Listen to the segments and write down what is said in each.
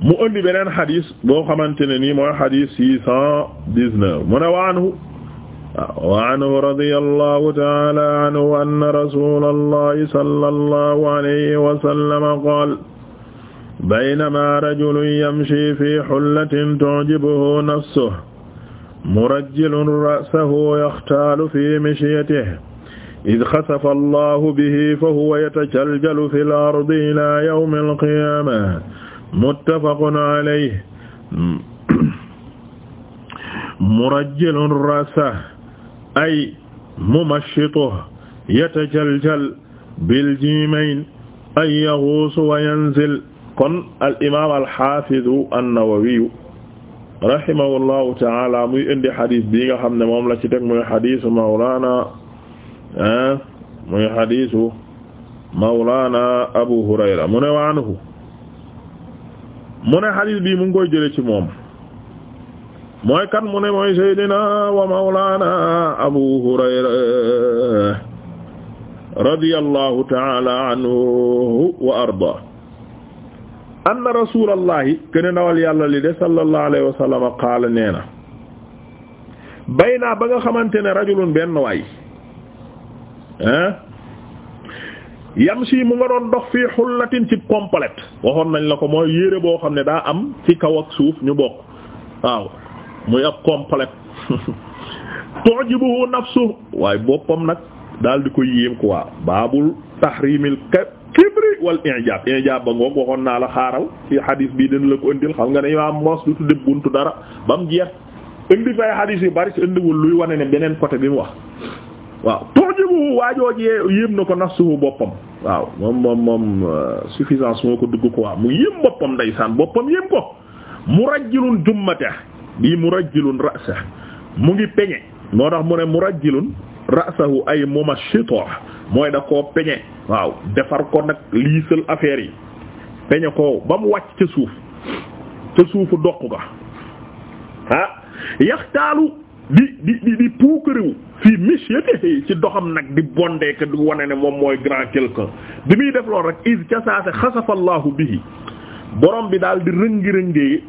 mu indi beneen xadis boo xamante ne nii mooy xadis six cent dix-neuf mu ne wa anhu wa anhu radiyallahu ta'ala anhu anna rasulallahi sallallahu alayhi wa sallam qaala baynama rajulun yamshi fi hullatin tu'jibuhu nafsuhu murajjilun ra'sahu yaxtaalu fi mishyatihi id xasafa allahu bihi fahuwa yatajaljalu fil ardi ila yawmil qiyaamah muttafaqun alayhi murajjilun rasahu ay mumashshituhu yatajaljal bil jiimayn ay yaguusu wa yanzil kon al imaam al haafidu an-Nawawi rahimahullahu ta'ala muy indi xadis bi nga xam ne moom la ci teg muy xadisu mawlaana ah, muy xadisu mawlaana Abu Hurayra mu ne waanhu mu ne xadis bii mu ngi koy jële ci moom mooy kan mu ne mooy seydina wa mawlaana abu hurayra radiyallahu taala anhu wa arda anna rasulallahi kene ndawal yàlla li de sallallahu alayhi wa sallama qaala nee na baynaa ba nga xamante ne rajulun benn waay si mu nga doon dox fii xullatin ci complète waxoon nañ la ko mooy yére boo xam ne daa am ci kaw ak suuf ñu bokk waaw muy ab complète tu'jibuhu nafsu waaye boppam nag daal di ko yéem quoi baabul tahrimil kibri wal i'jab i'jab ba ngoog waxoon naa la xaaral ci xadis bii dina la ko indil xam nga ne imaam mos du buntu dara ba mu jeex indi fay xadis yu bari ci indiwul luy wane ne beneen côté bi mu wax waaw tu'jibuhu waajoo yéem na ko nafsuhu boppam waaw moom moom moom euh, suffisance moo ko dugg ko waa mu yëm boppam ndeysaan boppam yëm ko murajjilun jummata bii murajjilun ra'sa mu ngi peñe moo tax mu ne murajjilun ra'sahu ay mumashito mooy da koo peñe waaw defar ko nag liisal affaire yi peñe ko ba mu wàcc ca suuf ca suufu doq ga ah yaxtaalu di di di di puukarewu fii monsieur Téhé ci doxam nag di bondeeke di wane ne moom mooy grand quelqu'un bi muy def loolu rek is ca saase xasafallaahu bihi borom bi daal di rëngi-rëngee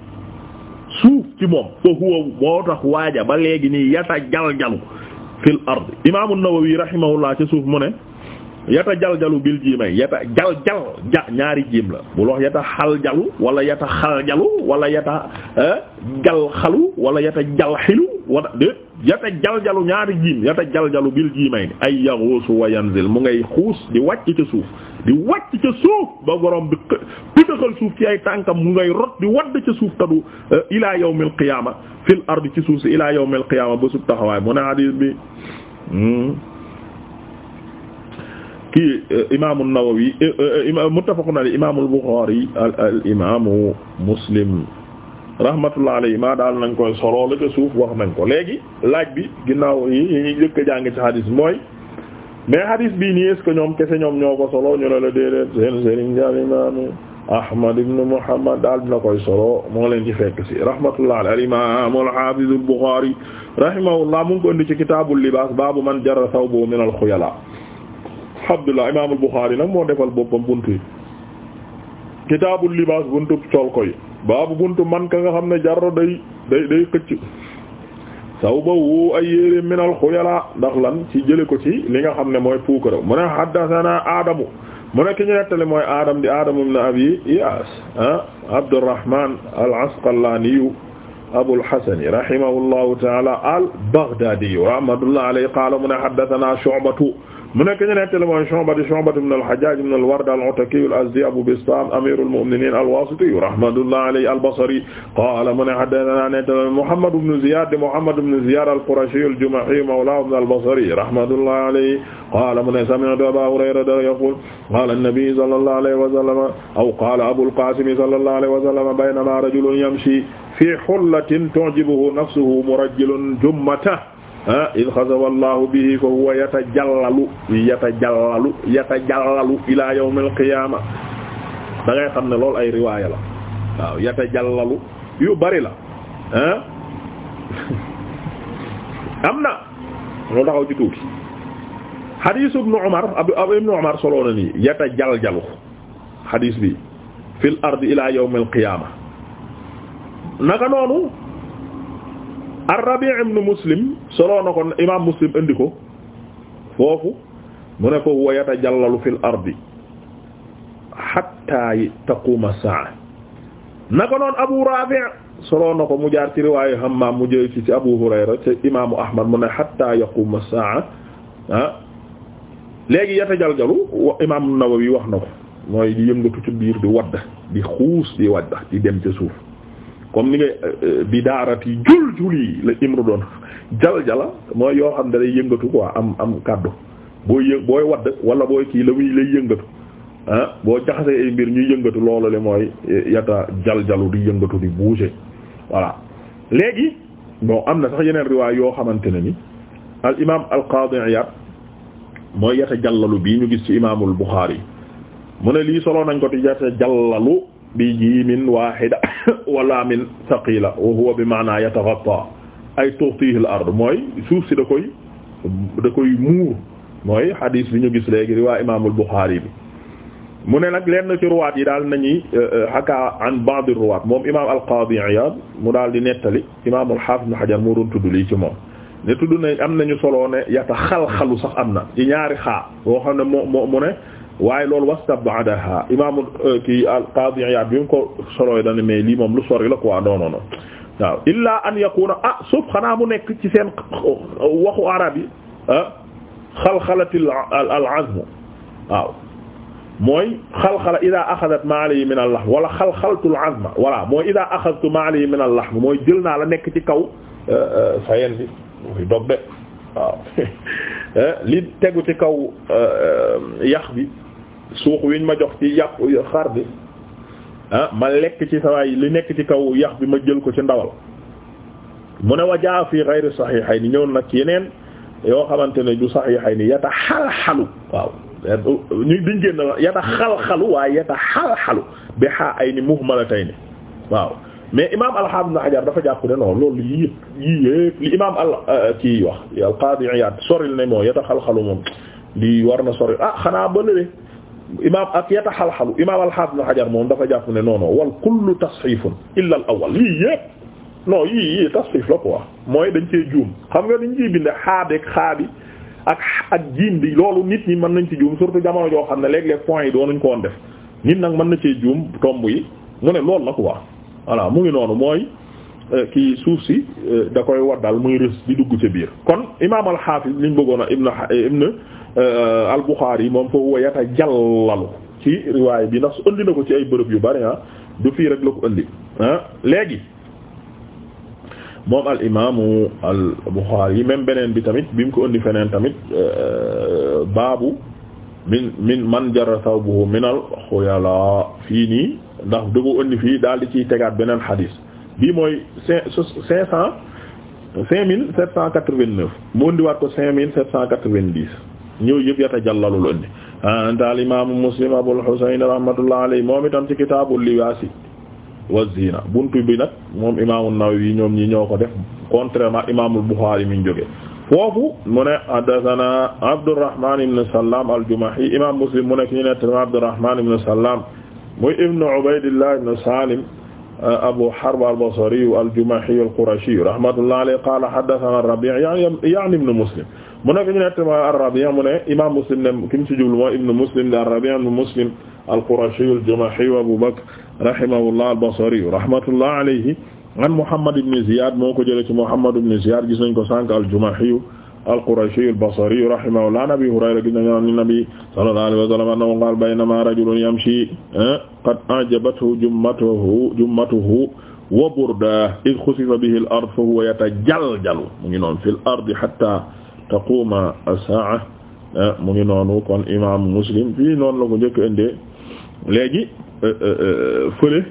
suuf ci moom fa huwa moo tax waaja ba léegi nii yata jal-jalu fil ard imaamu Nawawi rahimahullah ca suuf mu ne jal jaljalu bil jiimay yata jaljal ja ñaari jiim la bul wax yata xaljalu wala yata xaljalu wala yata eh, jalxalu wala yata jalxilu wala déet jal jaljalu ñaari jiim yata jaljalu bil jiimay ni ay yaxuusu wa yanzil mu ngay xuus di wàcc ca suuf di wàcc ca suuf ba borom bi pëtëxal suuf ci ay tànkam mu ngay rot di wadd ca suuf tadu eh, ila yawmil qiyaama fil ardi ci suuf si ila yawmil qiyaama ba sub taxawaay mu ne hadis bi hmm. kii euh, imaamu Nawawi euh, euh, muttafaqun alayhi imaamu al-Bukhari al imaamu Muslim rahmatullah alayhi maa daal nañ koy solo la ca suuf wax nañ ko léegi laaj bi ginnaaw yi ñuy njëkk a jàng ci hadis mooy mais hadis bii nii est-ce ñoom kese ñoom ñoo ko solo ñu ne la déedéet seen sëriñ daal imaamu Ahmad ibn Muhammad daal dina koy solo moo leen ci fekk si rahmatullah alayhi al-imaam al-haafiz al-Bukhari rahimahullah mu ngi ko indi ci kitaabul libaas baabu man jarra thawbahu min al-khuyala alhamdulilah imaamul Buxaari nag moo defal boppam buntu yi kitaabul libaas buntu col ko yi baabu buntu man ka nga xam ne jarro day day day xëcc saw ba wu ay yére minal xuyala ndax lan ci jële ko ci li nga xam ne mooy puukara mu ne haddathana aadamu mu ne ki ñu nettali mooy aadam di aadamu ibn abi iyaas ah abdurrahman al asqalaaniyu abul hasan rahimahullahu taala al baghdadiyu rahmatullah alayhi qaala mu ne haddathana shu'batu mu nekk ñu nettali mooy Shu'ba di Shu'ba ibn al-Hajjaj ibn al-Ward al-Ataki al-Azdi Abu Bistam amiru al-mu'minin al-Wasiti rahmatullahi alayhi al-Basri qala mu ne haddathana nettali Muhammad ibn Ziyad Muhammad ibn Ziyad al-Qurashi al-Jumahi mawlahum al-Basri rahmatullahi alayhi qala mu ne sami'tu Aba Hurayrata yaqul qala an-nabi sallallahu alayhi wa sallam aw qala Abu al-Qasim sallallahu alayhi wa sallam baynama rajulun yamshi fi hullatin tu'jibuhu nafsuhu murajjilun jummatahu id xazawa allahu bihi fa huwa yatajallalu yatajallalu ila yawm alqiyama da ngay xam ne lool ay riwaaya la waaw yatajallalu yu bari la ah am na loolu taxaw ci tuuti xadiis ibnu Umar ab ibnu Umar soloo na nii yatajaljalu xadiis bi fil ardi ila yawm alqiyama naka noonu ar-Rabi' ibn Muslim soloo na ko imaam Muslim indi ko foofu mu ne ko huwa yatajallalu fil ardi hatta taquma as-sa'a naka noon Abu Rafi' soloo na ko mu jaar ci riwaayu Hammaam mu jël ci ci Abu Hurayra ci imaamu Ahmad mu ne hatta yaquma as-sa'a ah léegi yatajaljalu wa Nawawi wax na ko mooy di yëngatu ci biir di wadd di xuus di wadd di dem ca suuf comme ni nga euh, bidaarati jul jul la imru doon jal jala mooy yoo xam ne lay yëngatu ko am am kàddu booy yë booy wadd wala booy kii la muy lay yëngatu ah boo jaxasee ay mbir ñuy yëngatu loolu le mooy eh, yata jal di yëngatu di bouger voilà léegi bon am na sax yeneen riwaay yoo xamante ne ni al imam al qadi iyad mooy yata jallalu bii ñu gis ci imaamul buxaari mu ne lii solo nañ ko ti yata jallalu bi jiimin wahida wala min thaqila wa huwa bi ay tughtihi al mooy suuf si da koy da koy mooy hadith bi ñu gis léegi riwaa imaamul Bukhari bi mu ne nag lenn ci ruwaat yi daal nañuy euh, euh, haka an ba'd ruwaat moom imaam al-Qaadi Iyaad mu daal di nettali imaam al-Haafiz Ibn Hajar ci moom ne tudd na am nañu solo ne yata xal-xalu sax am na ci ñaari xaa boo xam ne moo moo waaye loolu wastabadaha imaamu euh, kii al qadi Iyaad bi mu ko soloy dane mais lii moom lu sori la quoi non non non waaw an yakuna ah suuf xanaa mu nekk ci seen waxu arab yi ah, xalxalati al azm mooy xalxala ida axadat ma alayhi min al lahm mooy ida axadtu jël naa la nekk ci kaw euh, euh, sayeen bi muy eh, li tegu ci kaw yax bi suux wiñ ma jox ci yàqu xar bi ah ma lekk ci sawaay li nekk ci kaw yàq bi ma jël ko ci ndawal mu ne wajaa fi ghayri sahihayni ñëw nag yeneen yoo xamante ne du sahihayni yata xal-xalu waaw ñu diñ génn la yata xal-xalu waaye yata xal-xalu bi xaa ay ni muhmalatayni waaw mais imam al-Hafiz na Hajar dafa jàpp ne non loolu yii yëpp li imam al euh, kii wax al-Qadi Iyad soril ne moo yata xal-xalu moom lii war soril ah xanaa ba lële imaam ak yataxalxalu imaam alxaafis na xajar moom dafa jàpp ne non non wal kullu tasxiifun illa al awal lii yépp non yii yii tasxiif la quoi mooy dañ see juum xam nga dañ ciy binde xaabeeg xaabi ak ak jiim bi loolu nit ñi mën nañ ci juum surtout jamono joo xam ne léeg-léeg point yi doonuñ ko woon def nit nag mën na cee juum tomb yi mu ne loolu la quoi voilà mu ngi noonu mooy. Euh, kii suuf si euh, da koy waddal muy rës di dugg ci biir kon imaam al-Hafiz liñ bëggoon a ibn ibn euh, moom foofu wa yata jàllalu ci riwaay bi ndax ëndi na ko ci ay bërëb yu bari ah, du fii rek la ko ëndi ah. léegi moom al imaamu al Bukhari beneen bi tamit bi mu ko ëndi feneen tamit baabu min min man jara thawbuhu min al fii nii ndax du ko ëndi fii daal di ciy tegaat beneen xadiis bii mooy cinq cinq cent cinq mille sept cent quatre-vingt-neuf mu indiwaat ko cinq mille sept cent quatre-vingt-dix ñëw yëpp yata jàllalu lu indi antal imaamu muslim abul husayn rahmatullah alayhi moom itam ci kitaabul libaasi wa zina buntu bi nag moom imaamu nawawi ñoom ñi ñoo ko def contrairement imaamul buxaari mi ñu jóge foofu mu ne haddathana abdurrahman ibn sallam al-jumahi imaam muslim mu nekk ñu ne abdurrahman ibn sallam muy ibnu ubaydillah ibn salim Abu Harb al-Basri al-Jumahi al-Qurashi rahmatullahi alayhi qaala haddathana ar-Rabi' ya'ni ibn Muslim mu nekk ñu nettali ma ar-Rabi' mu ne imaam Muslim ne ki mu ci jublu mooy ibn Muslim ar-Rabi' ibn Muslim al-Qurashi al-Jumahi Abu Bakr rahimahullah al-Basri rahmatullahi alayhi an Muhammad ibn Ziyad moo ko jëlee ci Muhammad ibn Ziyad gis nañ ko sànq al-Jumahi al-Qurashi al-Basri rahimahullah an Abi Hurayra gis nañu an Nabi sallallahu alayhi wa sallam annahu qaala baynama rajulun yamshi eh, qad a'jabathu jummatuhu jummatuhu wa burdahu idh khusifa bihi al-ardu fa huwa yatajaljalu mu ngi noonu fi al-ardi hatta taquma as-sa'a eh, mu ngi noonu kon imam Muslim fii noonu la ko njëkk a indee léegi eh, fële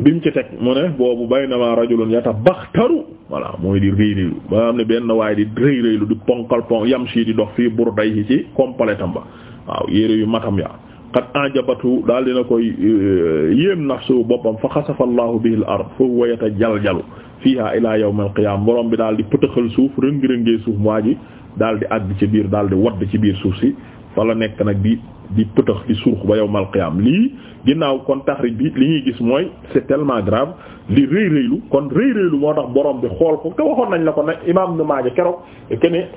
bimu ci teg mu ne boobu baynama rajulun yatabakhtaru voilà mooy di rëy rëylu ba nga xam ne benn waaye di rëy rëylu di ponkal ponk yam sii di dox fii burday yi ci complétam ba waaw yére yu matam ya qad ajabatu daal dina koy e, yéem nafsu boppam fa xasafa allahu bihi al ard fa huwa yatajaljalu fiha ila yawm al qiyam borom bi daal di pëtëxal suuf rëng-rëngee suuf waa ji daal di àgg ci biir daal di wadd ci biir suuf si fa nekk nag di di pëtëx di surux ba yawmal qiyaam lii ginnaaw kon taxrij bi li ñuy gis mooy c'est tellement grave li rëy rëylu kon rëy rëylu moo tax borom bi xool ko te waxoon nañ la ko ne imaam nu maaja keroog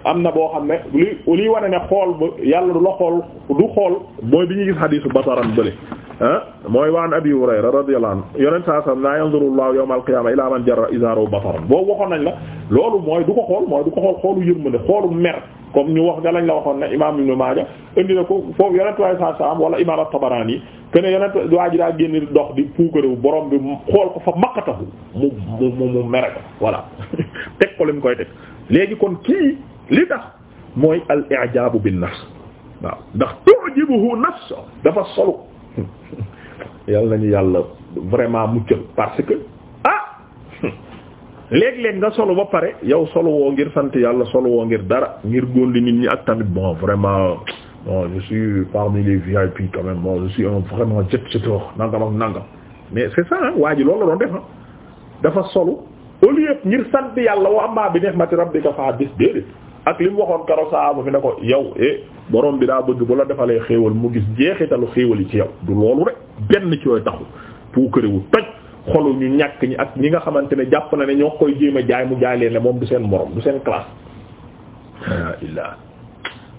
am na boo xam ne li li wane xool yàlla du la xool du xool mooy bi ñuy gis xadiisu basaran bële ah mooy waan abi hurayra radiyallahu anhu yonent saa sallam laa yanzuru allahu yawmal waxoon nañ la loolu mooy du ko xool mooy du ko xool xoolu yërmande xoolu mer comme ñu wax ga lañ la waxoon ne imaam ibnu maaja indi na ko foofu yonent waaye saa salaam wala imaam at-Tabarani que ne yonent waa ji daa génn dox di puukarewu borom bi mu xool ko fa maqatahu mu mu mu mere ko voilà teg ko li koy teg. léegi kon kii li tax mooy al-i'jaabu bin-nafs waaw ndax tu'jibuhu nafs dafa solu yal nañu yàlla vraiment muccal parce que ah léeg-léeg nga solo ba pare yow solo woo ngir sant yàlla solo woo ngir dara ngir góor li nit ñi ak tamit bon vraiment. bon je suis parmi les VIP quand même bon si suis un vraiment jet-setter nangam ak nangam mais c'est ça ah waa ji loolu la doon def ah dafa solo loolu yëpp ngir sant yàlla wa amma bi ni'mati rabbika fa hadith déedéet ak li waxoon keroog saaba bi ne ko yow eh borom bi daa bëgg bu la defalee xéewal mu gis jeexitalu xéewal yi ci yow du loolu rek benn ci yooyu taxu pour këriwu toj xolu ñu ñàkk ñi ak ñi nga xamante ne jàpp na ne ñoo koy jéem a jaay mu jaay leen ne moom du seen morom du seen classe.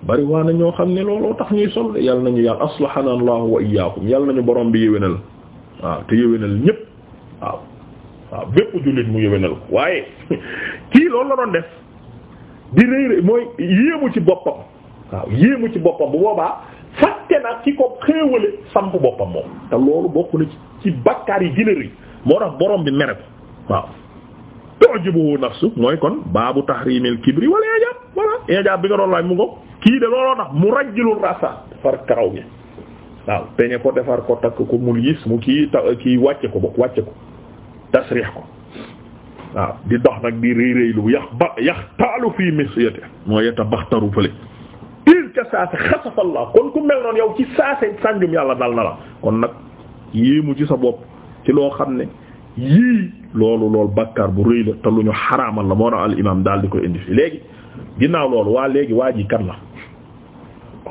bari waa na ñoo xam ne looloo tax ñuy sol yal nañu yàlla aslahana allahu wa iyaakum yal nañu borom bi yéwénal waaw te yéwénal ñépp waaw waaw bépp jullit mu yéwénal ko la doon def di ci boppam waaw yéemu ci boppam bu boobaa fàtte na ki ko xéewale samp boppam moom te loolu bokk na ci bakkaar yi gën a moo tax borom bi mere ko waaw tu'jibu nafsu mooy kon baabu tahrimil kibri wala ijaab wala ijaab bi nga doon laaj mu ngo kii de looloo tax mu rajjilul rasa far karaw gi waaw peñe ko defar ko takk ko mu gis mu kii ta kii wàcce ko bokk wàcce ko tasrix ko waaw di dox nag di rëy rëylu yax ba yax taalu fii misyate moo yeta baxtaru fële piir saase xasafallah kon ku mel noonu yow ci saase sànjum yàlla dal na la kon nag yéemu ci sa bopp ci loo xam ne yii loolu loolu bàkkaar bu rëy la te lu ñu xaraamal la moo tax al imam daal di ko indi fi léegi ginnaaw loolu waa léegi waa la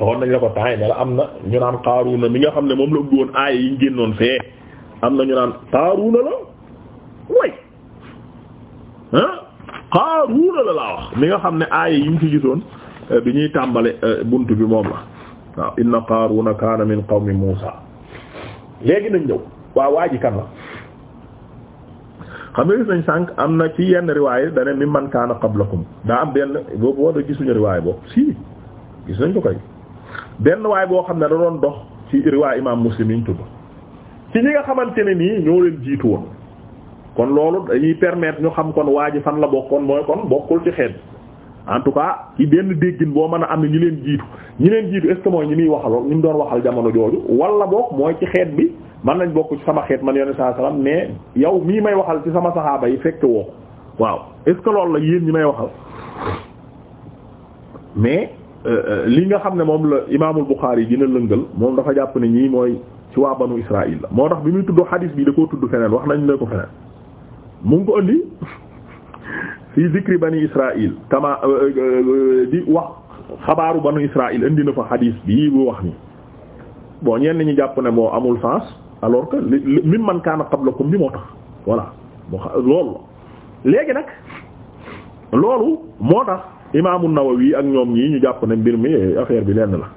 waxoon nañ la ko temps yi ne am na ñu naan na mi nga xam ne moom la ubbi woon aaya yi ñu génnoon fee am na ñu naan Qaaruna la way ah Qaaruna la laa wax mi nga xam ne aaya yi ñu fi gisoon euh, bi ñuy tàmbale euh, bunt bi moom la waaw inna Qaaruna kaana min qawmi Muusa léegi nañ ñëw waaw waa ji kan la xam nga gis nañ sànq am na ci yenn riwaay dane mi man kaana qablakum daa am benn boobu war a gisuñu riwaay boobu si gis nañ ko kay benn waay boo xam ne da dox ci riwaay imam muslim yi ñu tudd ci ñi nga xamante ne nii ñoo leen jiitu woon kon loolu dañuy permettre ñu xam kon waa ji fan la bokkoon mooy kon bokkul ci xeet en tout cas ci benn déggin boo mën a am ne ñi leen jiitu ñi leen jiitu est ce que mooy ñi muy waxaloon ñi mu doon waxal jamono jooju wala bokk mooy ci xeet bi man nañ bokk ci sama xeet man yone saa salaam mais yow mii may waxal ci sama saxaaba yi fekk woo waaw est ce que loolu la yéen ñi may waxal li nga xam ne moom la imaamul Buxaari dina lëngal moom dafa jàpp ne ñii mooy ci waa banu Israaïl moo tax bi muy tudd xadiis bi da koo tudd feneen wax nañ la ko feneen mu ko indi fi zikri bani Israaïl kama euh, euh, euh, di wax xabaaru banu Israaïl indi na fa xadiis bii bu wax ni bon ñenn ñi jàpp ne moo amul sens alors que li mim man kaana qablakum bi moo tax voilà loolu la léegi nag loolu moo tax. imaamu Nawawi ak ñoom ñii ñu jàpp na mbir mi affaire bi lenn la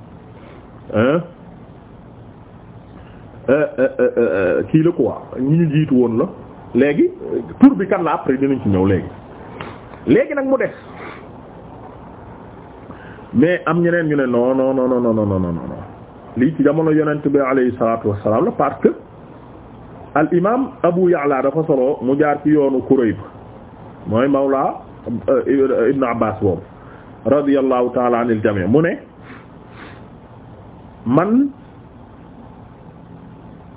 euh, euh, euh, kii la quoi ñi ñu jiitu woon la léegi tur bi kan la après dinañ ci ñëw léegi léegi nag mu des mais am ñeneen ñu ne non non non non non non non lii ci jamono yonent bi alayhi salaatu wassalaam la parce que al imaam Abu Ya'la dafa solo mu jaar ci yoonu Kurayb mooy Mawla. Euh, ibnu abbas boobu radiyallahu taala anil jami mu ne man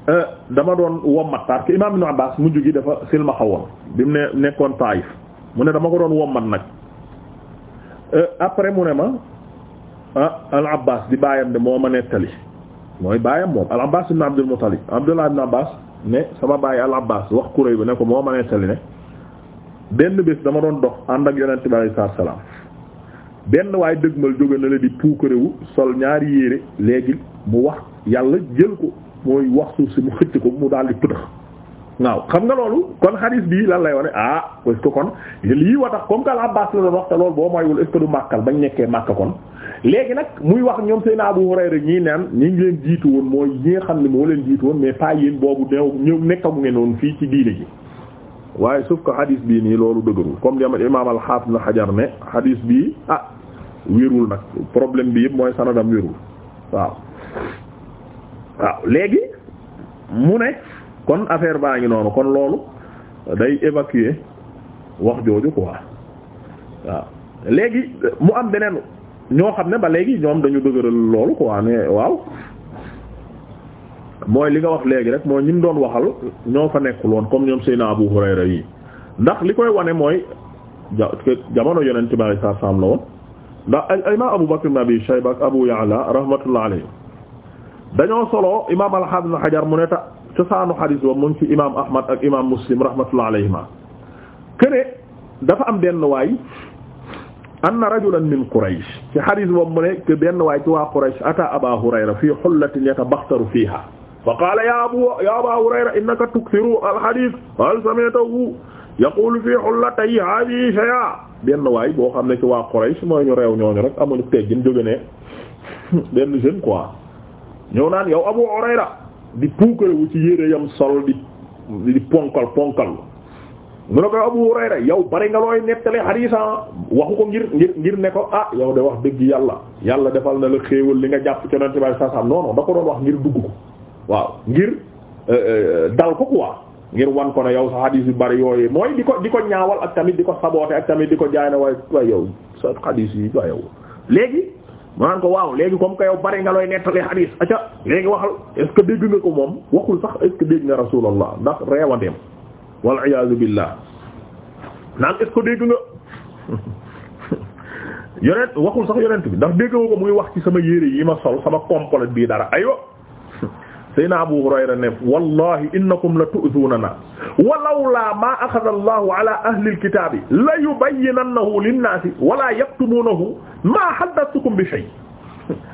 euh, dama doon wommat parce que ibnu abbas mujj gi dafa silmaxa woon bi mu ne nekkoon taif mu ne dama ko doon wommat nag euh, après mu ne ma ah al abbas di baayam de moo ma nettali mooy baayam moom al abbas ibn abdul abdullah ibn abbas ne sama baay al abbas wax kuréy bi ne ko moo ma nettali ne benn bés dama doon dox ànd ak yonent bi alayhi salaatu salaam benn waay dëgmal jóge na la di puukarewu sol ñaari yére léegi mu wax yàlla jël ko mooy wax suuf si mu xëcc ko mu daal di pëtëx waaw xam nga loolu kon hadith bii lan lay wane ah est-ce que kon lii wa tax comme que al-Abbas la doon wax te boo moywul est-ce du màkkal bañ nekkee màkk kon léegi nag muy wax ñoom Seydina Abu rek ñii naan ñi ngi leen jiitu woon mooy ñi nga xam ne moo leen jiitu woon mais pas yéen boobu néew ñëw nekkamu ngeen woon fii ci diine waaye sauf que hadis bii nii loolu dëgërul comme li imaam al-Hafiz na xajar ne hadis bii ah wérul nag problème bi yëpp mooy sanadam wérul waaw waaw léegi mu ne kon affaire baa ngi noonu kon loolu day évacuer wax jooju quoi waaw léegi mu am beneen ñoo xam ne ba léegi ñoom dañu dëgëral loolu quoi ne waaw mooy li nga wax léegi rek mooy ñim doon waxal ñoo fa nekkul woon comme ñoom Seydina Abu Hurayra yi ndax li koy wane mooy jamono yonent bi sallallahu alayhi wasallam la woon ndax ay imaam Abu Bakr ibn Abi Shayba ak Abu Ya'la rahmatullah alayhi dañoo solo imaam mu ne imaam Ahmad ak imaam Muslim rahmatullah alayhima këne dafa am benn waay an rajulan min Quraysh ci xadiis ba mu ne que benn waay ci waa Quraysh ata Aba Hurayra fii hullatin yatabakhtaru fiiha fa qaala ya abu ya aba hurayra innaka tukthiru alhadith hal sami'tahu yaqulu fi hullatay hadihi benn waay boo xam ne ci waa Quraysh mooy ñu reew ñooñu rek amuñu teggin jóge ne benn jeune yow abu hurayra di puukarewu ci yére ko yow bari nga looy nettali hadiisa ah? waxu ko ngir ngir ngir ne ko ah yow de wax dëgg yàlla yàlla defal na la xéewal li nga jàpp ci yonent bi sallallahu alayhi ko doon wax ngir dugg ko waaw ngir euh, euh, dal ko quoi ngir wan ko ne yow sa xadiis yu bari yooyu mooy di ko di ko ñaawal ak tamit di ko saboote ak tamit di ko jaay na waaye waaye yow sa xadiis yi waaye yow léegi mu naan ko waaw léegi comme que yow bari nga looy nettali xadiis aca léegi waxal est-ce que dégg nga ko moom waxul sax est-ce que dégg nga rasulallah ndax reewandeem wal iyaazu billah naan est-ce dégg nga yonent waxul sax yonent bi ndax dégg nga ko muy wax ci sama yére yi ma sol sama complet bii dara aywa sayna Abu Hurayra ne wallahi innakum la tu'zunana walawla ma akhadha Allahu ala ahli alkitabi la yubayyinannahu linnaasi wala yaktumunahu ma haddathukum bi shay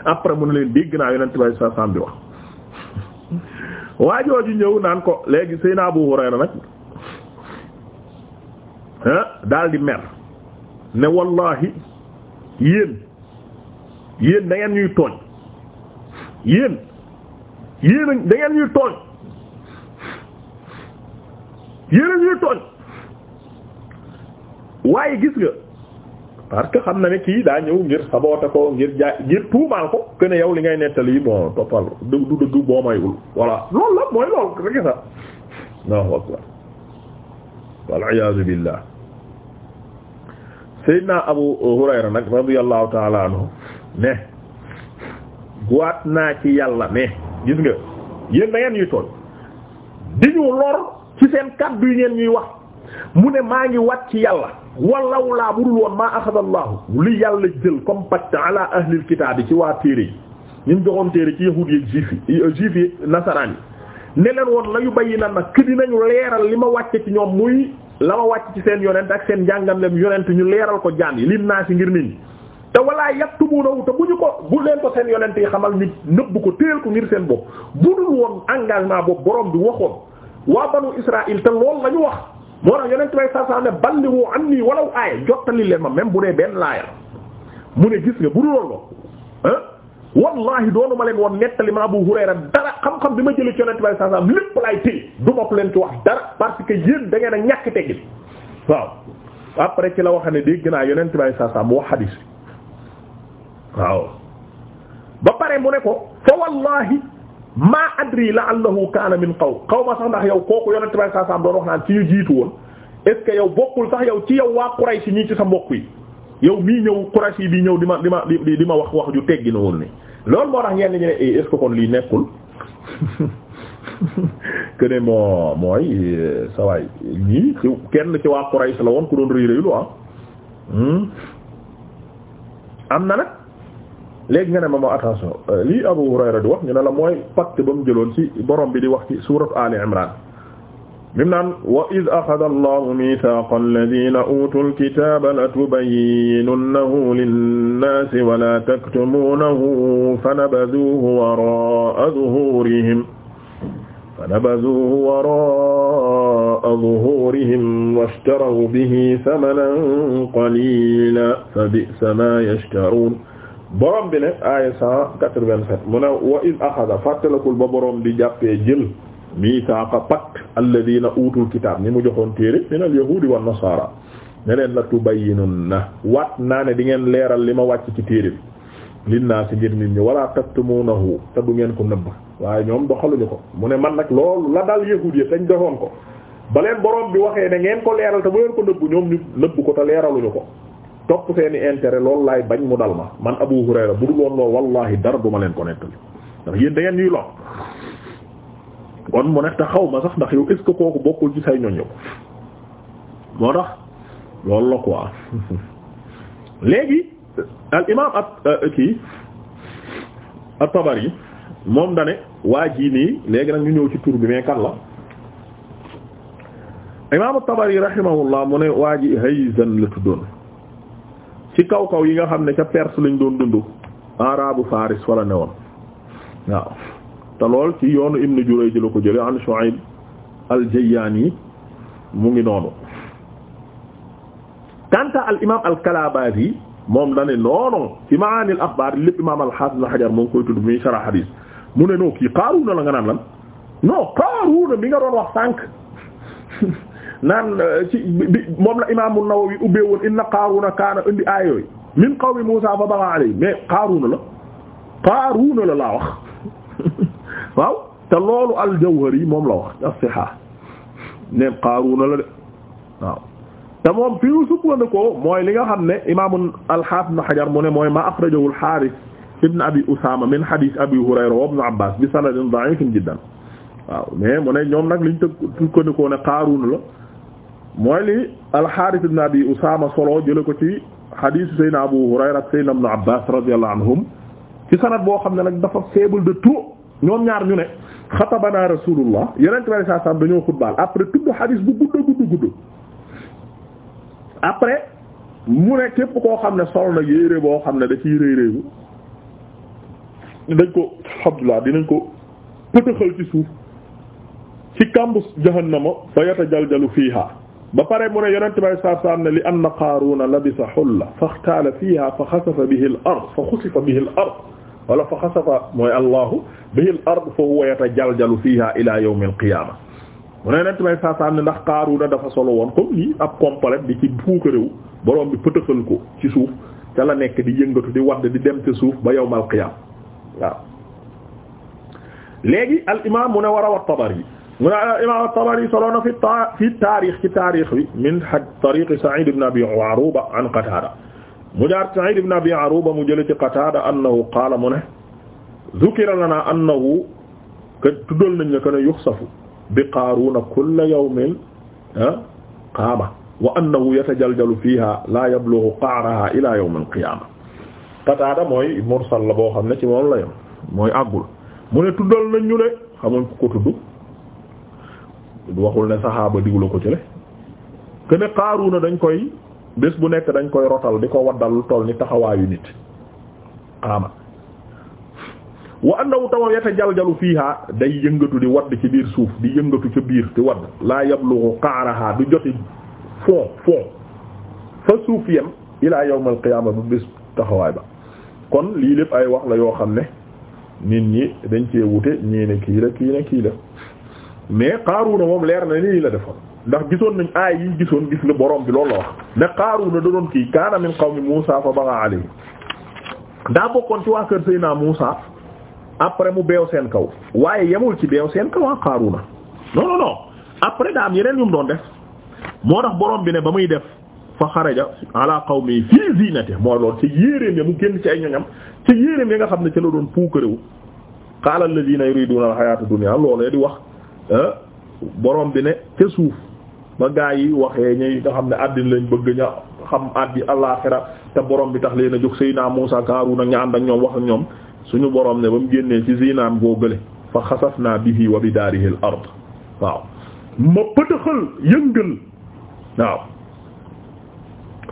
après mu ne leen dégg naa yonent bi sa sam bi wax ko léegi sayna Abu Hurayra nag daal di mer ne wallahi yéen yéen da ngeen tooñ yéen yéen a da tooñ yéen a tooñ waaye gis nga parce que xam na ne kii daa ñëw ngir saboota ko ngir jaay ngir tuumaal ko que ne yow li ngay nettali bon toppal du du dëgg boo mayul voilà loolu la mooy loolu rek sax Allahu akbar wal iyaazu billah Seydina Abu Hurayra nag radiyallahu ta'ala anhu ne waat naa ci yàlla ne gis nga yéen da ngeen ñuy di ñu lor ci seen kàddu yi ngeen ñuy wax mu ne maa ngi wat ci yàlla walaw laa budul woon maa axadallaahu li yàlla jël comme pacte ala ahlil kitaabi ci waa téere yi ñun joxoon téere ci yahuud yi juif yi euh, juif yi nasaraan yi ne leen woon la yu bayyi na nag ki dinañu leeral li ma wàcc ci ñoom muy la ma wàcc ci seen yonent ak seen njàngamlem yonent ñu leeral ko jaan yi lim naa si ngir nit ñi te walaa yaktumunahu te bu ñu ko bu leen ko seen yonent yi xamal nit nëbb ko téel ko ngir seen bopp bu dul woon engagement boobu borom bi waxoon waa banu Israël te loolu la ñu wax moo tax yonent bay saa saa ne ballighu anni walaw aaya jottali leen ma même bu dee benn laaya mu ne gis nga bu dul woon la ah wallahi doonu ma leen woon nettali ma Abu Hurayra dara xam-xam bi ma jëlee ci yonent bay saa du ma leen ci wax dara parce que yéen da ngeen a ñàkk teggin waaw après ki la wax ne dégg naa yonent bay saa saa mu wax hadith waaw ba pare mu ne ko fa wallahi maa adri la'allahu kaana min qaw xaw ma sax ndax yow kooku yonent bi saa saam doon wax naan ci ñu jiitu woon est ce que yow bokkul sax yow ci yow waa Quraysh ñii ci sa mbokk yi yow mii ñëw Quraysh yi bi ñëw di ma di ma di di ma wax wax ju teggi na woon ni loolu moo tax ñenn ñi ne eh, est kon lii nekkul que ne moo mooy euh, sa ñii ci kenn ci waa Quraysh la woon ku doon rëy rëylu ah hmm? am na nag. léegi nga ne ma ma attention euh, lii Abu Hurayra di wax ñu ne la mooy pacte ba mu jëloon ci borom bi di wax ci suuratu Ali Imran mim naan wa id axada allahu mithaqa alladina utu lkitaba latubayyinunnahu linnaasi wala taktumuunahu fanabaduuhu waraa zuhurihim fanabaduuhu waraa zuhurihim washtaraw bihi thamanan qalila fabi'sa ma yashtaruun boroom bi ne aaya cent quatre-vingt-sept mu ne wa iz axada fàttalakul ba borom di jàppee jël miisaaqa pacte alladina utul kitaab ni mu joxoon téere min al yahuudi wan nasaara ne leen la na waat naa ne di ngeen leeral li ma wàcc ci téere bi linnaasi ngir nit ñi wala taktumuunahu te du ngeen ko nëbb waaye ñoom doxaluñu ko mu ne man nag loolu la dal yahuud yi dañ doxoon ko ba leen borom bi waxee ne ngeen ko leeral te bu leen ko nëbb ñoom ñu nëbb ko te leeraluñu ko topp seeni intérêt loolu laay bañ mu dal ma man Abu Hurayra bu dul woon loolu wallahi dara du ma leen ko nettali ndax yéen da ngeen ñuy kon mu nekk te xaw ma sax ndax yow est ce kooku bokkul ci say ñoño moo tax loolu la quoi léegi al imaam at euh, kii at yi moom dane waa jii nii léegi nag ñu ñëw ci tur bi mais kan la imaam at-Tabari rahimahullah mu ne waa ji Hayzan la tuddoon ci kaw kaw yi nga xam ne ca Perse lañ doon dund arabu Faris wala ne woon waaw te lool ci yoonu Ibn Jurayj la ko jële an Shu'ayb al-Jayyaani mu ngi noonu kanta al imam al Kalabaazi moom dane noono ci maani al axbaar lépp imam al Haafiz al Hajar moo koy tudd muy sarah hadis mu ne noo kii Qaaruuna la nga naan lan non Qaaruuna mi nga doon wax sànq naan euh, ci bi moom la imaamu Nawawi ubbee woon inna Qaaruuna kaana indi aayooyu min qawmi Muusaa fa bagaa alayhi la la wax waaw te loolu al-Jawhari moom la wax as-Sihah ne Qaaruuna la de waaw te moom fi ñu mooy li nga xam ne imaamu al-Haafiz Ibn Hajar mu ne mooy maa axrajahu al-Haaris ibn Abi Usaama min hadiis Abi Hurayra wa Ibn Abbaas bi sanadin da'iifin jiddan waaw mais mu ne la mooy li alxaaris ibn abi usaama solo jële ko ci xadiisu sayna abu hurayra ak sayna ibn abbaas radiyallahu anhum ci sanad boo xam ne nag dafa faible de trop ñoom ñaar ñu ne xatabana rasulullah yeneen bari saa saam dañoo xutbaal après tudd xadiis bu gudd gudd gudd après mu ne képp koo xam ne sol na yére boo xam ne da ciy rëy dañ ko alhamdulillah dinañ ko pëtëxal ci suuf ci kàmbu jahannama fa yata jaljalu fiiha ba pare mu ne yonente bay saa saam ne li ann qaaruna a xulla fa xtaala fiha fa xasafa bihi l ard fa xusifa bihi ard wala fa xasafa mooy allahu bihi l ard fa huwa yatajaljalu fiha ila yawm al mu ne yonente bay saa saam ne ndax qaaruna dafa solo woon comme lii ab complet bi ci puukaréew borom bi pëtëxal ko ci suuf ca la nekk di yëngatu di wadd di dem ci suuf ba yawm al qiyama waaw léegi al imam mu ne war a wax yi mu ne ah imam at-Tabari soloo na fi fi taarix ci taarix bi min a tariqi Sa'id ibn Abi Aruba an Qatada mu jaar Sa'id ibn Abi Aruba mu jële ci Qatada annahu qaala mu ne zukira lana annahu que tuddal nañ la que ne yuxsafu bi Qaaruuna kulla yawmin qaama wa annahu yatajaljalu fiihaa laa yablughu qa'rahaa ilaa yawm al-qiyaama Qataada mooy mursal la boo xam ne ci moom la yem mooy àggul mu ne tuddal nañ ñu ne xamuñ ko tudd waxul ne saxaaba diglu ko ci le que ne dañ koy bés bu nekk dañ koy rotal di ko waddal lu toll ni taxawaayu nit xaama wa annahu tawa yatajaljalu fiiha day yëngatu di wadd ci biir suuf di yëngatu ci biir di wadd laa yablughu qa'raha du joti fond fond fa suuf yem ilaa yawmal qiyaama ba bés taxawaay ba kon lii lépp ay wax la yoo xam ne nit ñi dañ cee wute ñii ne kii la mais Qaaruuna moom leer na nii la defoon ndax gisoon nañ aay yi gisoon gis nga borom bi loolu la wax ne Qaaruuna da doon kii kaana min qawmi Muusaa fa bagaa alayhi daa bokkoon ci waa kër Seydina Muusaa après mu beew seen kaw waaye yemul ci beew seen kaw ah Qaaruuna non non non après daa am yeneen yu doon def moo tax borom bi ne ba muy def fa xaraja xaw qawmi fii ziinati moo lool ci yéeréem ya mu génn ci ay ñoñam ci yéeréem ya nga xam ne ci la doon puukarewu qaala alladhiina yuriiduuna al-hayaata ad-dunyaa loolee di wax. Ah, borom bi ne ca suuf ba gaa yi waxee ñi nga xam ne àddina lañ bëgg ña xam àddi alaaxira te borom bi tax leen a jóg Seydina Muusaa Kaaruun ak ña ànd ak ñoom wax ak ñoom suñu borom ne ba mu génnee ci ziinaam boo gële fa xasafnaa bihi wa bidaarihi al-ard waaw ma pëtëxal yëngal waaw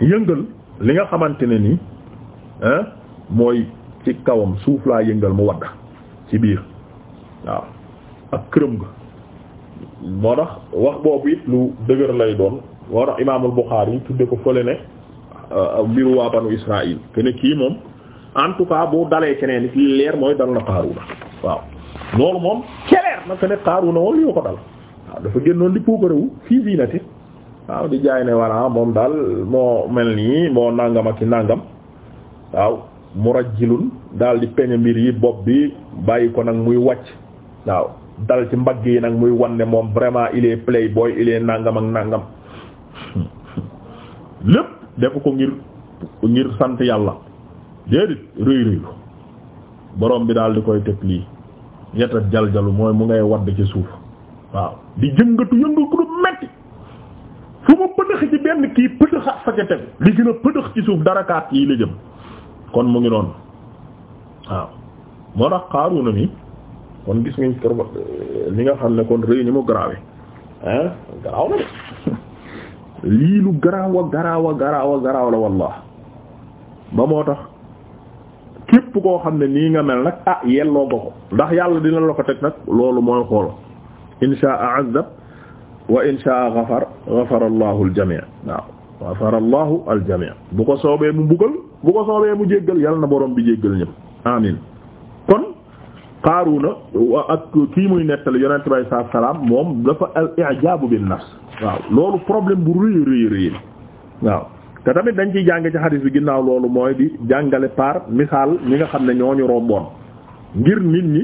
yëngal li nga xamante ne nii ah, mooy ci kawam suuf laa yëngal mu wadda ci biir waaw ak këram ga moo tax wax boobu it lu dëgër lay doon moo tax imaamul Buxaari yi tudde ko fële ne euh, mbiru waa banu Israël que kii moom en tout bu dalee keneen it li leer mooy dal na Qaaruuna waaw loolu moom keleer na que ne Qaaruuna moom li ko dal waaw dafa génnoon di puukarewu fii ziinati waaw di jaay ne voilà moom daal moo mel nii moo nàngam ak i nàngam waaw murajjilun dal di peñe mbir yi bopp bi bàyyi ko nag muy wàcc waaw dal ci mbagg yi nag muy wan ne moom vraiment il est playboy il est nangam ak nangam lépp def ko ngir ngir sant yàlla déedéet rëy rëy borom bi daal di koy teg lii yetat jaljalu mooy mu ngay wadd ci suuf waaw di jëngatu yëngatu lu metti fu ma pëtëx ci benn kii pëtëxaat fa ca tegu li gën pëtëx ci suuf dara kaat yi la jëm kon mu ngi noonu waaw moo tax xaaru mi kon gis ngañ kër li nga xam ne kon rëy ni mu garaawe ah garaaw na de lii lu garaaw a garaaw a garaaw garaaw la wallah ba moo tax képp koo xam ne nii nga mel nag ah yelloo nga ko ndax yàlla dina la ko teg nag loolu mooy xool inshaa azab wa inshaa ghafar ghafara allahu aljamii waaw ghafara allahu aljamii bu ko soobee mu mbugal bu ko soobee mu jéggal yàlla na borom bi jéggal ñëpp amin kon Qaaruna ak kii muy nettali yonent bi alayhi salaatu salaam moom dafa al i'jaab bin nafs waaw loolu problème bu rëy waaw te tamit dañ ciy jàng ci xadis bi ginnaaw loolu mooy di jàngale par misaal ñi nga xam ne ñoo ñooñu romboon ngir nit ñi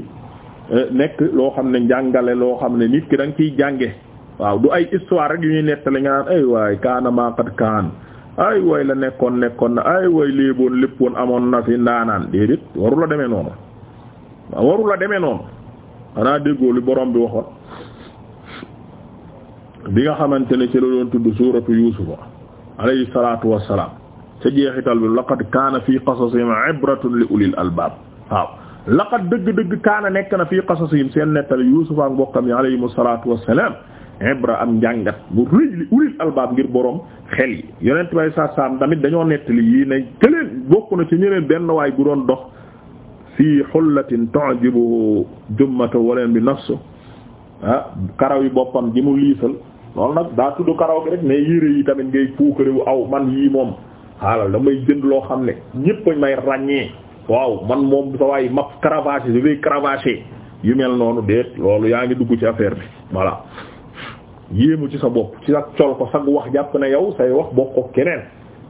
eh, nekk loo xam ne jàngale loo xam ne nit ki da nga jànge waaw du ay histoire rek yu ñuy nettali nga naan ay waay kaana maa qad kaan ay waay la nekkoon nekkoon na ay waay léeboon léppoon amoon na fi ndaanaan déedéet waru la demee noonu waru la demee noonu xanaa déggoo li borom bi waxoon bi nga xamante ne ci la doon tudd suuratu yuusufa alayhi salaatu wassalaam ca jeexital bi laqad kaana fii qasasihim ibratun li ulil albaab waaw laqad dëgg-dëgg kaana nekk na fi qasasihim seen nettali yuusufa ak mbokkam yi alayhimu salaatu wassalaam am njàngat bu rëy li ulil albaab ngir borom xel yi yonent bay sa saam tamit dañoo nettali yii ne këleen bokk na ci ñeneen benn waay bu doon dox fii xullatin tu'jibuhu jummatu waleen bi nafsu ah karaw yi boppam ji mu liisal loolu nag daa tudd karaw gi rek mais yére yi tamit ngay puukarewu aw man yii moom xaalal damay jënd loo xam ne ñépp a may ràññee waaw man moom sa waay map cravacher je yu mel noonu déet loolu yaa ngi dugg ci affaire bi voilà yéemu ci sa bopp ci sa col ko sag wax jàpp na yow say wax bokk ko keneen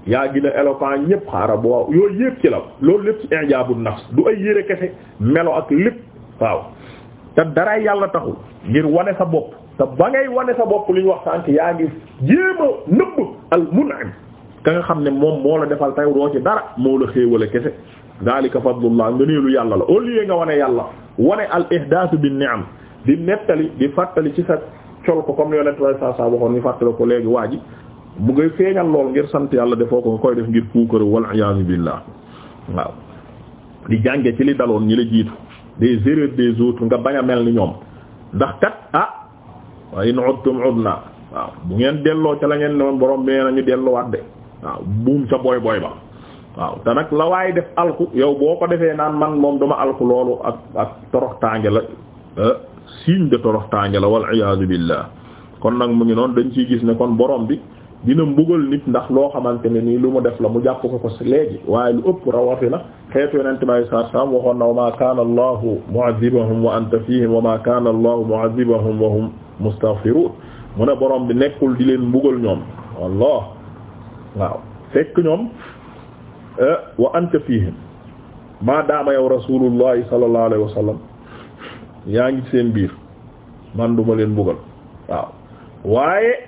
yaa gën a éloquent ñépp xaaral boo yooyu yépp ci law loolu lépp ci i'jaabun nafs du ay yére kese melo ak lépp waaw te dara yàlla taxul ngir wane sa bopp te ba ngay wane sa bopp li ñu wax sànk yaa ngi jéem a nëbb al mun'im ka nga xam ne moom moo la defal tey doo ci dara moo la xéewale kese daalika fadlullah nga neelu yàlla la au lieu nga wane yàlla wane al ihdaasu ni am di nettali di fàttali ci sa col ko comme yonent way sa sa waxoon ñu fàttali ko léegi waa ji bu ngay feeñal lool ngir sant yàlla defoo ko nga koy def ngir puukaru wal iyaazu billah waaw di jànge ci li daloon ñi la jiitu des erreurs des autres nga baña mel ni ñoom ndax kat ah waaye in udtum udna bu ngeen delloo ca la ngeen ne borom bi nee delluwaat de waaw buum ca boy boy ba waaw te nag la waaye def alku yow boo ko defee naan man moom dama alku loolu ak ak toroxtaange la eh, signe de toroxtaange la wal iyaazu billah kon nag mu ngi noonu dañ ci gis ne kon boroom bi dina mbugal nit ndax loo xamante ne nii lu mu def la mu jàpp ko ko ci léegi waaye lu ëpp rawatina xeetu yonente bi alei satu salaam waxoon na wa ma kaana mu mu'adhibahum wa anta fihim wa ma kaana allahu mu'adhibahum wa hum mustaghfirun mu ne borom bi nekkul di leen mbugal ñoom wallah waaw fekk ñoom eh, wa anta fihim maa daama yow rasulullahi sallallahu alayhi wa sallam yaa ngi seen biir man duma leen mbugal waaw waaye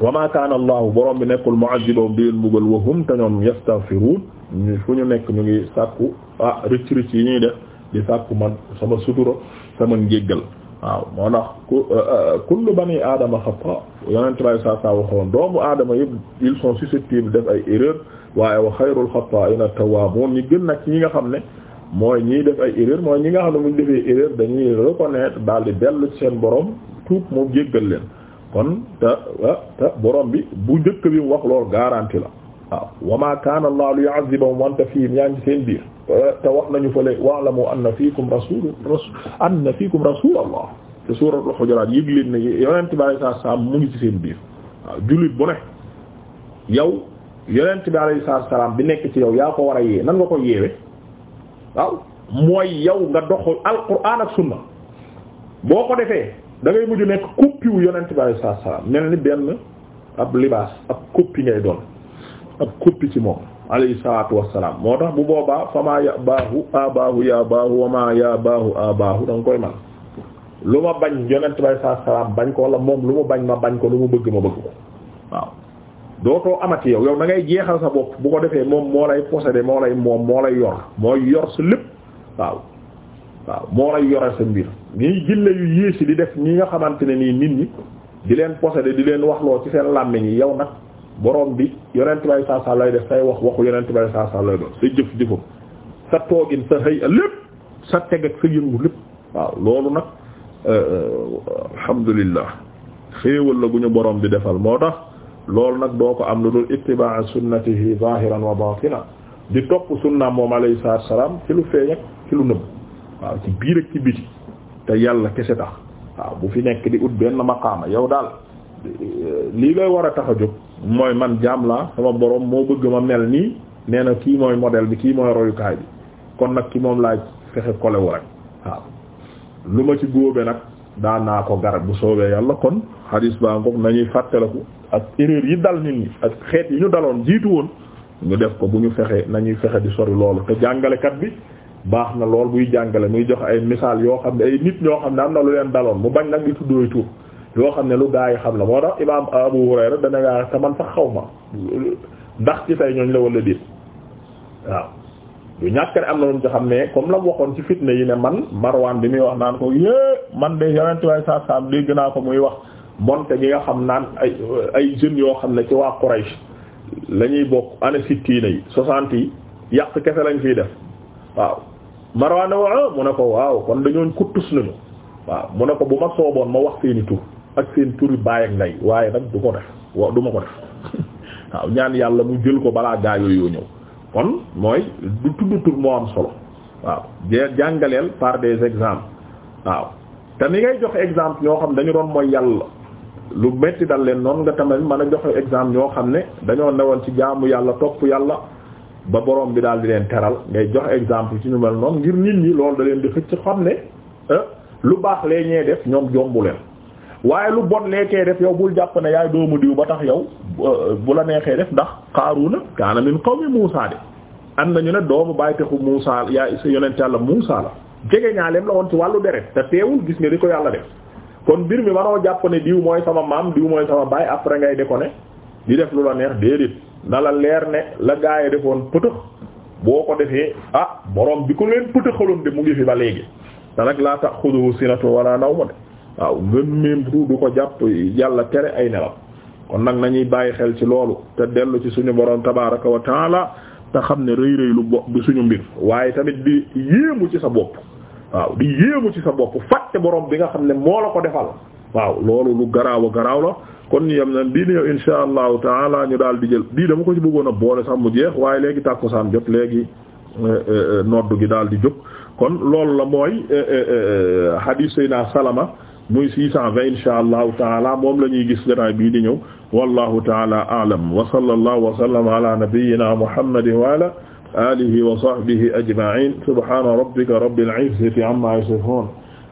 wa ma kaana allahu borom bi nekkul mu'azzibahum di leen mbugal wa hum te ñoom yastaghfiruun ñu fu ñu nekk ñu ngi sàkku ah rëcc yi ñuy def di sàkku man sama sutura sama njéggal waaw moo tax ku euh, euh, kullu bani aadama xata yonent bay saa saa waxoon doomu aadama yëpp ils sont susceptibles def ay erreur waaye wa xayrul xataa'ina tawwaabuun ñi gën nag ñi nga xam ne mooy ñiy def ay erreur mooy ñi nga xam ne muñ defee erreur dañuy reconnaître daal di dellu seen kon te te borom bi bu njëkk bi wax loolu garantie la waaw wa ma kaana allah li yu'azzibahum wante fii yaa ngi seen biir te wax nañu fële wa'lamu anna fiikum rasul rasul anna fiikum rasulallah te suuratul hujuraat yëg leen ne yonent bi alayhi mu ngi ci seen biir waaw jullit bu ne yow yonent bi nekk ci yow yaa ko war a yee nan nga ko yeewe waaw mooy yow nga dox alquran ak sunna boo ko defee da ngay mujj nekk copie wu yonent bi alayhi salaam mel ni benn ab libaas ab copie ngay doon ab copie ci moom alayhi salaatu wassalaam moo tax bu boobaa famaa ya baahu abaahu ya baahu wamaa ya baahu abaahu da nga koy man lu ma bañ yonent bi alayhi salaam bañ ko wala moom lu mu bañ ma bañ ko lu mu bëgg ma bëgg ko waaw dootoo amati yow yow da ngay jeexal sa bopp bu ko defee moom moo lay posséder moo lay moom moo lay yor mooy yor si lépp waaw waaw moo lay yore sa mbir ñii gille yu yées yi di def ñii nga xamante ne nii nit ñi di leen posséder di leen wax waxloo ci seen làmmiñ yi yow nag boroom bi yonent bay saa lay def say wax waxu yonent bay saa saa lay doon sa jëf jëfam sa toogin sa a lépp sa teg ak sa yëngu waaw loolu nag euh, euh, alhamdulillah xéewal la gu ñu boroom bi defal moo tax loolu nag doo ko am lu dul ittibaa sunnatihi zahiran wa batina di topp sunnaam moom alayhi salaam ci lu feeñ ci lu nëbb waaw ci biir ak ci biti te yàlla kese tax waaw bu fi nekk di ut benn maqaama yow daal lii lay war a tax a jóg mooy man jaam laa sama borom moo bëgg ma mel nii nee na kii mooy model bi kii mooy royukaay bi kon nag ki moom laaj fexe kolewu rek waaw lu ma ci góobe nag daan naa ko garab bu soobee yàlla kon hadis baa nañuy fàttaliku ak erreur yi dal nit ñi ak xeet yi ñu daloon jiitu woon ñu def ko bu ñu fexe nañuy fexe di sori loolu te jàngalekat bi baax na lool buy jàngale muy jox ay misaal yoo xam ne ay nit ñoo xam ne am na lu leen daloon mu bañ nag di tuddooy tur yoo xam ne lu gaa yi xam la moo tax imaam Abu Hurayra dana gaa te man sax xaw ma ndax ci tay ñooñ la wala déet waaw du ñàkk ne am na luñ ci xam ne comme la waxoon ci fitna yi ne man marwaan bi muy wax naan ko yé man de yonent way sa lii dégg naa ko muy wax monte gi nga xam naan ay ay jeunes yoo xam ne ci waa Quraysh lañuy bokk année sittiina yi soixante yi yàq kese lañ fiy def Marwaan ne waa ah, mu ne ko waaw kon dañoo kuttus nañu waaw mu ne ko bu ma sooboon ma wax seeni tur ak seen turi baay ak ndey waaye nag du ko def wa du ma ko def waaw ñaan yàlla mu jël ko balaa gaa yooyu ñëw kon mooy du tudd tur moo am solo waaw jé jàngaleel par des exemples waaw te ni ngay jox exemple ñoo xam dañu doon mooy yàlla lu metti dal leen noonu nga tamit mën a jox exemple ñoo xam ne dañoo woon ci jaamu yàlla topp yàlla. ba borom bi daal di leen teral ngay jox exemple ci ñu mel noonu ngir nit ñi loolu da leen di xëcc xam ne eh, lu baax lee ñee def ñoom jombu leen waaye lu bon lekkee kee def yow bul jàpp ne yaay doomu diw ba tax yow eh, bu la neexee def ndax Qaaruna kaana min qawmi Muusaa de am ñu ne doomu bàyyi texu Muusaa yaay sa yonent yàlla Muusaa la jege ñaaleem la woon ci wàllu deret te teewul gis nga di ko yàlla def kon mbir mi manoo jàpp ne diw mooy sama maam diw mooy sama baay après ngay déconner di def lu la neex déedéet na la leer ne la gaa yi defoon pëtëx boo ko defee ah boroom bi ko leen pëtëxaloon de mu ngi fi ba léegi te nag laa tax xuduwu sinatu wala naw ma de waaw ngën mêm ru du ko jàpp yàlla tere ay nelaw kon nag nañuy bàyyi xel ci loolu te dellu ci suñu borom tabaraka wa taala te xam ne rëy rëy lu bopp bi suñu mbir waaye tamit di yéemu ci sa bopp waaw di yéemu ci sa bopp fàtte borom bi nga xam ne moo la ko defal waaw loolu lu garaaw a garaaw la kon ñu yem nañ bii ni yow insha allahu taala ñu daal di jël bii dama ko ci bëggoon a boole sax mu jeex waaye léegi tàkkusaan jot léegi eh, eh, eh, noddu gi daal di jóg kon loolu la mooy hadith sayna salama muy 620 insha allahu taala moom la ñuy gis ganaay bii di ñëw wallahu taala aalam wa sallallahu wa sallam ala nabiyyina muhammadin wa ala alihi wa sahbihi ajma'in subhana rabbika rabbil izzati amma